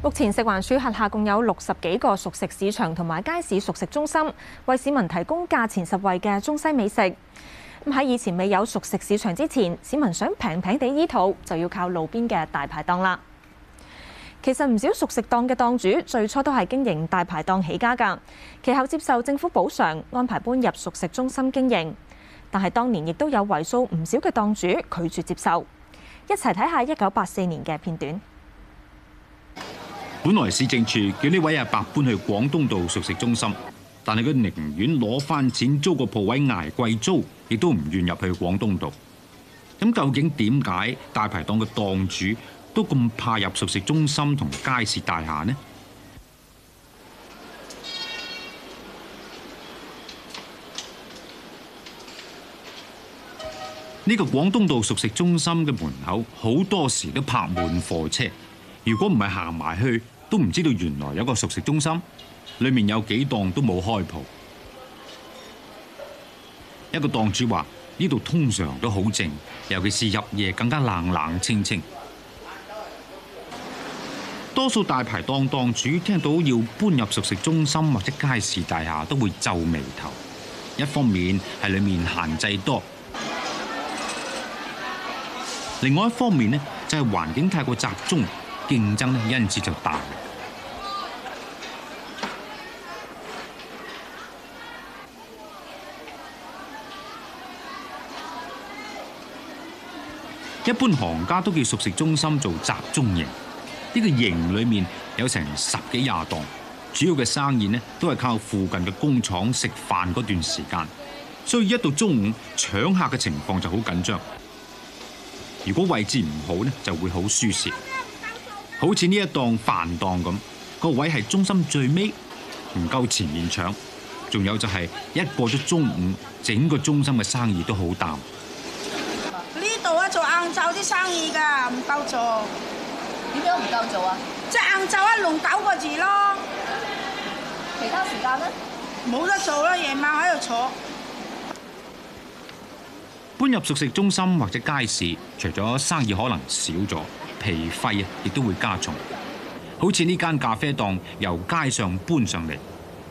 目前食環署轄下共有六十幾個熟食市場同埋街市熟食中心，為市民提供價錢實惠嘅中西美食。咁喺以前未有熟食市場之前，市民想平平地醫肚就要靠路邊嘅大牌檔啦。其實唔少熟食檔嘅檔主最初都係經營大牌檔起家㗎，其後接受政府補償安排搬入熟食中心經營，但係當年亦都有為數唔少嘅檔主拒絕接受。一齊睇下一九八四年嘅片段。本來市政處叫呢位阿伯,伯搬去廣東道熟食中心，但係佢寧願攞翻錢租個鋪位挨貴租，亦都唔願入去廣東道。咁究竟點解大排檔嘅檔主都咁怕入熟食中心同街市大廈呢？呢、呢個廣東道熟食中心嘅門口好多時都泊滿貨車，如果唔係行埋去。都唔知道原來有個熟食中心，裏面有幾檔都冇開鋪。一個檔主話：呢度通常都好靜，尤其是入夜更加冷冷清清。多數大牌檔檔主聽到要搬入熟食中心或者街市大廈，都會皺眉頭。一方面係裏面限制多，另外一方面呢，就係環境太過集中。競爭因此就大。一般行家都叫熟食中心做集中營。呢個營裏面有成十幾廿檔，主要嘅生意咧都係靠附近嘅工廠食飯嗰段時間，所以一到中午搶客嘅情況就好緊張。如果位置唔好咧，就會好輸蝕。好似呢一檔飯檔咁，個位係中心最尾，唔夠前面搶。仲有就係一過咗中午，整個中心嘅生意都好淡。呢度啊做晏晝啲生意㗎，唔夠做。點樣唔夠做啊？即晏晝一龍九個字咯。其他時間咧，冇得做啦。夜晚喺度坐。搬入熟食中心或者街市，除咗生意可能少咗，皮費啊，亦都會加重。好似呢間咖啡檔由街上搬上嚟，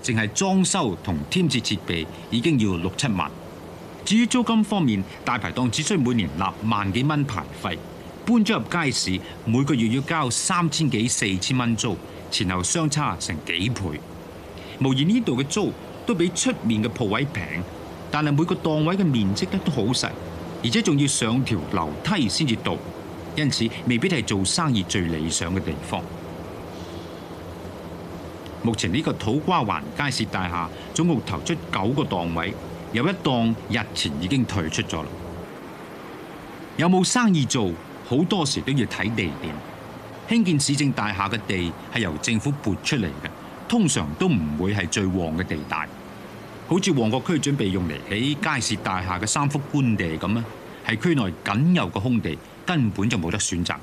淨係裝修同添置設備已經要六七萬。至於租金方面，大牌檔只需每年納萬幾蚊牌費，搬咗入街市每個月要交三千幾四千蚊租，前後相差成幾倍。無疑呢度嘅租都比出面嘅鋪位平，但係每個檔位嘅面積咧都好細，而且仲要上條樓梯先至到。因此未必係做生意最理想嘅地方。目前呢個土瓜灣街市大廈總共投出九個檔位，有一檔日前已經退出咗啦。有冇生意做，好多時都要睇地點。興建市政大廈嘅地係由政府撥出嚟嘅，通常都唔會係最旺嘅地帶。好似旺角區準備用嚟起街市大廈嘅三幅官地咁啊，係區內僅有嘅空地。根本就冇得選擇。